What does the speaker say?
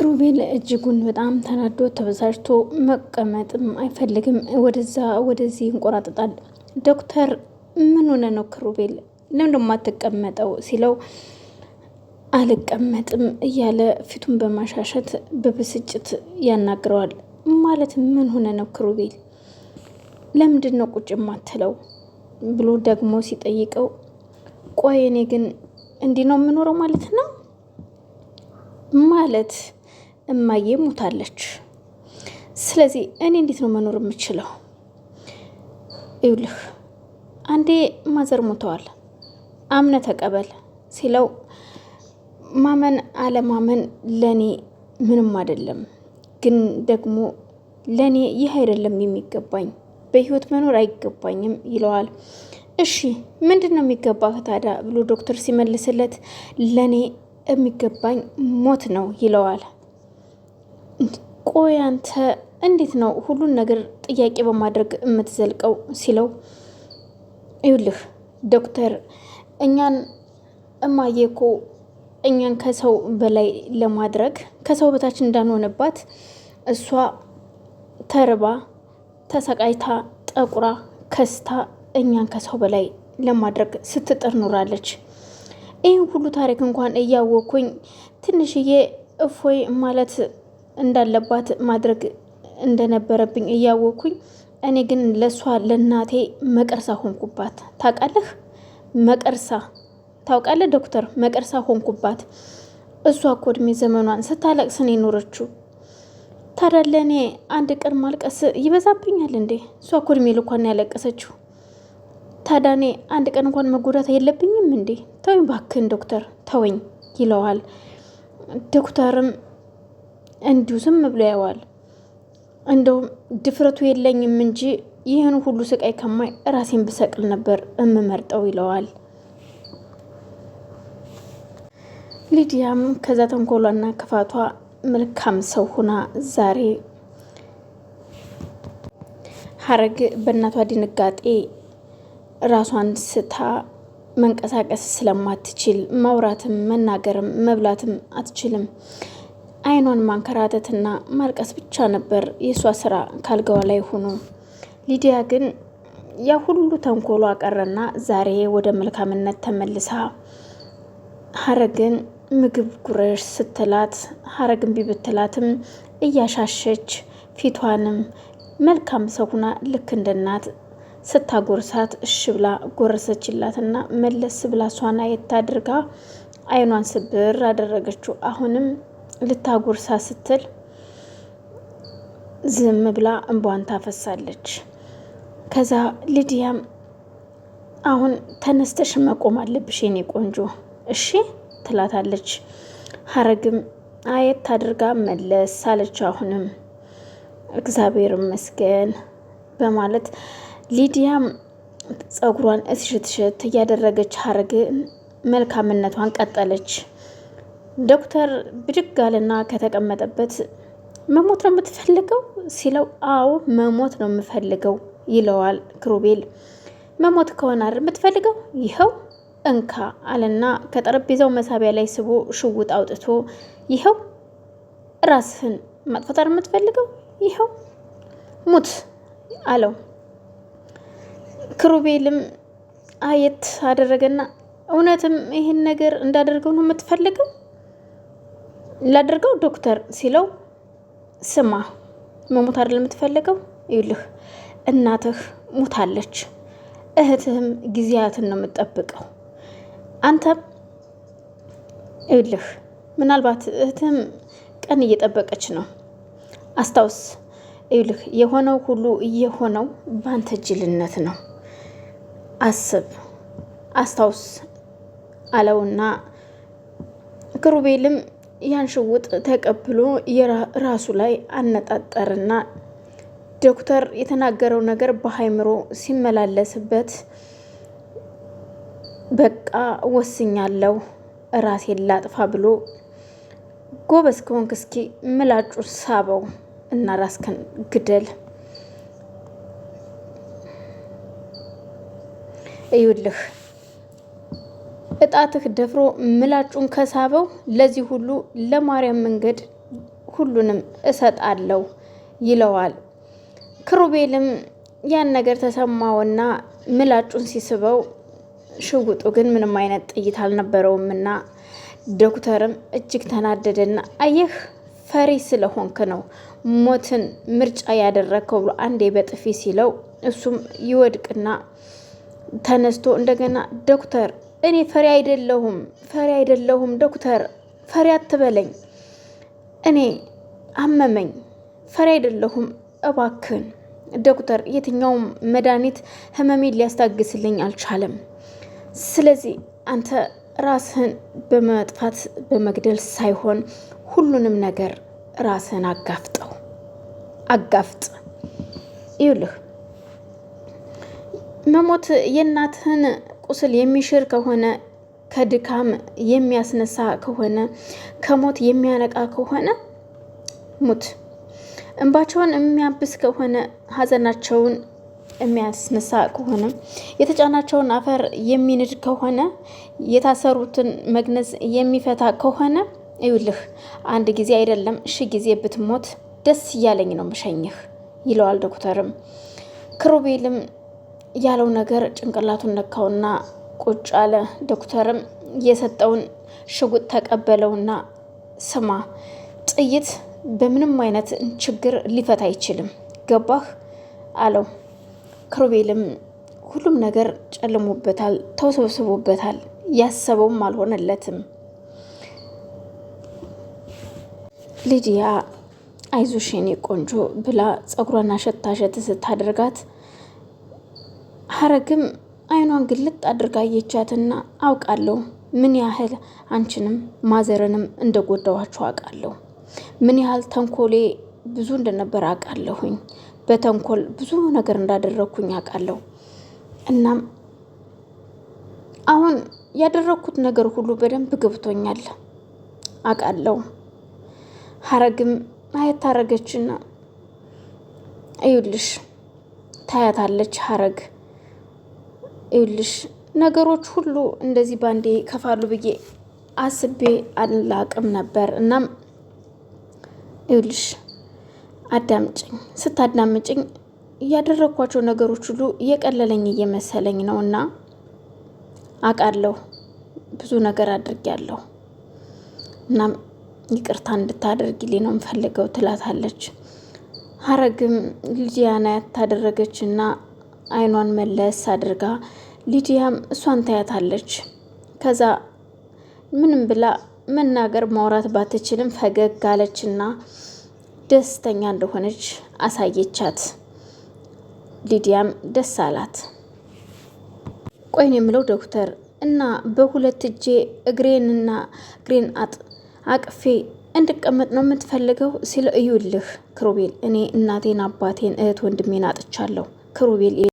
ክሩቤል እጅጉን በጣም ተናዶ ተበሳጭቶ መቀመጥም አይፈልግም። ወደዛ ወደዚህ እንቆራጥጣል። ዶክተር ምን ሆነ ነው ክሩቤል ለምን ደሞ አትቀመጠው ሲለው አልቀመጥም እያለ ፊቱን በማሻሸት በብስጭት ያናግረዋል። ማለት ምን ሆነ ነው ክሩቤል ለምንድን ነው ቁጭ ማትለው ብሎ ደግሞ ሲጠይቀው ቆይ እኔ ግን እንዲህ ነው የምኖረው ማለት ነው ማለት እማዬ ሞታለች። ስለዚህ እኔ እንዴት ነው መኖር የምችለው? ይውልህ አንዴ ማዘር ሞተዋል አምነ ተቀበል ሲለው ማመን አለማመን ለእኔ ምንም አይደለም፣ ግን ደግሞ ለእኔ ይህ አይደለም የሚገባኝ በህይወት መኖር አይገባኝም ይለዋል። እሺ ምንድን ነው የሚገባ ታዲያ ብሎ ዶክተር ሲመልስለት ለእኔ የሚገባኝ ሞት ነው ይለዋል። ቆይ አንተ እንዴት ነው ሁሉን ነገር ጥያቄ በማድረግ የምትዘልቀው? ሲለው ይውልህ ዶክተር እኛን እማዬ እኮ እኛን ከሰው በላይ ለማድረግ ከሰው በታች እንዳንሆንባት እሷ ተርባ ተሰቃይታ ጠቁራ ከስታ እኛን ከሰው በላይ ለማድረግ ስትጥር ኑራለች። ይህን ሁሉ ታሪክ እንኳን እያወኩኝ ትንሽዬ እፎይ ማለት እንዳለባት ማድረግ እንደነበረብኝ እያወቅኩኝ እኔ ግን ለእሷ ለእናቴ መቀርሳ ሆንኩባት። ታውቃለህ? መቀርሳ ታውቃለህ ዶክተር? መቀርሳ ሆንኩባት። እሷ እኮ እድሜ ዘመኗን ስታለቅስን የኖረችው ታዲያ ለእኔ አንድ ቀን ማልቀስ ይበዛብኛል እንዴ? እሷ እኮ እድሜ ልኳን ያለቀሰችው። ታዲያ እኔ አንድ ቀን እንኳን መጎዳት የለብኝም እንዴ? ተወኝ ባክን ዶክተር ተወኝ ይለዋል ዶክተርም እንዲሁ ዝም ብሎ ያዋል። እንደውም ድፍረቱ የለኝም እንጂ ይህን ሁሉ ስቃይ ከማይ ራሴን ብሰቅል ነበር እምመርጠው ይለዋል። ሊዲያም ከዛ ተንኮሏና ክፋቷ መልካም ሰው ሆና ዛሬ ሀረግ በእናቷ ድንጋጤ ራሷን ስታ መንቀሳቀስ ስለማትችል ማውራትም መናገርም መብላትም አትችልም። አይኗን ማንከራተትና ማልቀስ ብቻ ነበር የእሷ ስራ ካልገዋ ላይ ሆኖ። ሊዲያ ግን ያ ሁሉ ተንኮሎ አቀረና ዛሬ ወደ መልካምነት ተመልሳ ሀረግን ምግብ ጉረሽ ስትላት ሀረግን ቢብትላትም ብትላትም እያሻሸች ፊቷንም መልካም ሰው ሁና ልክ እንደ ስታጎርሳት እሽ ብላ ጎረሰችላትና መለስ ብላ እሷን የታድርጋ አይኗን ስብር አደረገችው። አሁንም ልታጉርሳ ስትል ዝም ብላ እንቧን ታፈሳለች። ከዛ ሊዲያም አሁን ተነስተሽ መቆም አለብሽ የኔ ቆንጆ እሺ ትላታለች። ሀረግም አየት አድርጋ መለስ አለች። አሁንም እግዚአብሔር ይመስገን በማለት ሊዲያም ጸጉሯን እስሽትሽት እያደረገች ሀረግ መልካምነቷን ቀጠለች። ዶክተር ብድግ አለና ከተቀመጠበት መሞት ነው የምትፈልገው ሲለው፣ አዎ መሞት ነው የምፈልገው ይለዋል ክሩቤል። መሞት ከሆነ አይደል የምትፈልገው ይኸው እንካ አለና ከጠረጴዛው መሳቢያ ላይ ስቦ ሽውጥ አውጥቶ ይኸው ራስህን ማጥፋት አይደል የምትፈልገው ይኸው ሙት አለው። ክሩቤልም አየት አደረገና እውነትም ይህን ነገር እንዳደርገው ነው የምትፈልገው ላደርገው ዶክተር ሲለው ስማ መሞት አይደል የምትፈልገው? ይልህ እናትህ ሞታለች፣ እህትህም ጊዜያትን ነው የምትጠብቀው። አንተም ይልህ ምናልባት እህትህም ቀን እየጠበቀች ነው። አስታውስ ይልህ የሆነው ሁሉ እየሆነው በአንተ ጅልነት ነው። አስብ፣ አስታውስ አለውና ክሩቤልም ያን ተቀብሎ ራሱ ላይ አነጣጠርና ዶክተር የተናገረው ነገር በአይምሮ ሲመላለስበት በቃ ወስኛለሁ ራሴን ላጥፋ ብሎ ጎበዝ ከሆንክ እስኪ ምላጩ ሳበው እና ራስከን ግደል። እዩልህ እጣትህ ደፍሮ ምላጩን ከሳበው ለዚህ ሁሉ ለማርያም መንገድ ሁሉንም እሰጣለሁ ይለዋል። ክሩቤልም ያን ነገር ተሰማውና ምላጩን ሲስበው ሽጉጡ ግን ምንም አይነት ጥይት አልነበረውም እና ዶክተርም እጅግ ተናደደና አየህ ፈሪ ስለሆንክ ነው ሞትን ምርጫ ያደረግከው ብሎ አንዴ በጥፊ ሲለው እሱም ይወድቅና ተነስቶ እንደገና ዶክተር እኔ ፈሪ አይደለሁም፣ ፈሪ አይደለሁም ዶክተር፣ ፈሪ አትበለኝ። እኔ አመመኝ፣ ፈሪ አይደለሁም። እባክን ዶክተር፣ የትኛውም መድኃኒት ህመሜን ሊያስታግስልኝ አልቻለም። ስለዚህ አንተ ራስህን በመጥፋት በመግደል ሳይሆን ሁሉንም ነገር ራስህን አጋፍጠው አጋፍጥ። ይውልህ መሞት የእናትህን ቁስል የሚሽር ከሆነ ከድካም የሚያስነሳ ከሆነ ከሞት የሚያነቃ ከሆነ ሙት። እንባቸውን የሚያብስ ከሆነ ሀዘናቸውን የሚያስነሳ ከሆነ የተጫናቸውን አፈር የሚንድ ከሆነ የታሰሩትን መግነዝ የሚፈታ ከሆነ ይውልህ አንድ ጊዜ አይደለም ሺ ጊዜ ብትሞት ደስ እያለኝ ነው ምሸኝህ ይለዋል ዶክተርም ክሩቤልም ያለው ነገር ጭንቅላቱን ነካውና ቁጭ አለ። ዶክተርም የሰጠውን ሽጉጥ ተቀበለውና ስማ፣ ጥይት በምንም አይነት ችግር ሊፈታ አይችልም፣ ገባህ አለው። ክሩቤልም ሁሉም ነገር ጨልሞበታል፣ ተውሰብስቦበታል፣ ያሰበውም አልሆነለትም። ሊዲያ አይዞሽ የኔ ቆንጆ ብላ ጸጉሯን አሸታሸት ስታደርጋት ሀረግም አይኗን ግልጥ አድርጋ አየቻትና አውቃለሁ ምን ያህል አንቺንም ማዘርንም እንደጎዳዋችሁ አውቃለሁ። ምን ያህል ተንኮሌ ብዙ እንደነበር አውቃለሁኝ። በተንኮል ብዙ ነገር እንዳደረግኩኝ አውቃለሁ። እናም አሁን ያደረግኩት ነገር ሁሉ በደንብ ገብቶኛል አውቃለሁ። ሀረግም አየት አረገችና እዩልሽ ታያታለች ሀረግ ይኸውልሽ ነገሮች ሁሉ እንደዚህ ባንዴ ከፋሉ ብዬ አስቤ አላቅም ነበር። እናም ይኸውልሽ አዳምጭኝ። ስታዳምጭኝ እያደረግኳቸው ነገሮች ሁሉ እየቀለለኝ እየመሰለኝ ነው እና አውቃለሁ ብዙ ነገር አድርጊያለሁ። እናም ይቅርታ እንድታደርጊልኝ ነው የምፈልገው ትላታለች። ሀረግም ልጅያና ያታደረገች እና አይኗን መለስ አድርጋ ሊዲያም እሷን ታያታለች። ከዛ ምንም ብላ መናገር ማውራት ባትችልም ፈገግ አለችና ደስተኛ እንደሆነች አሳየቻት። ሊዲያም ደስ አላት። ቆይን የምለው ዶክተር እና በሁለት እጄ እግሬንና እግሬን አቅፌ እንድቀመጥ ነው የምትፈልገው? ሲል እዩልህ ክሩቤል፣ እኔ እናቴን፣ አባቴን፣ እህት ወንድሜን አጥቻለሁ ክሩቤል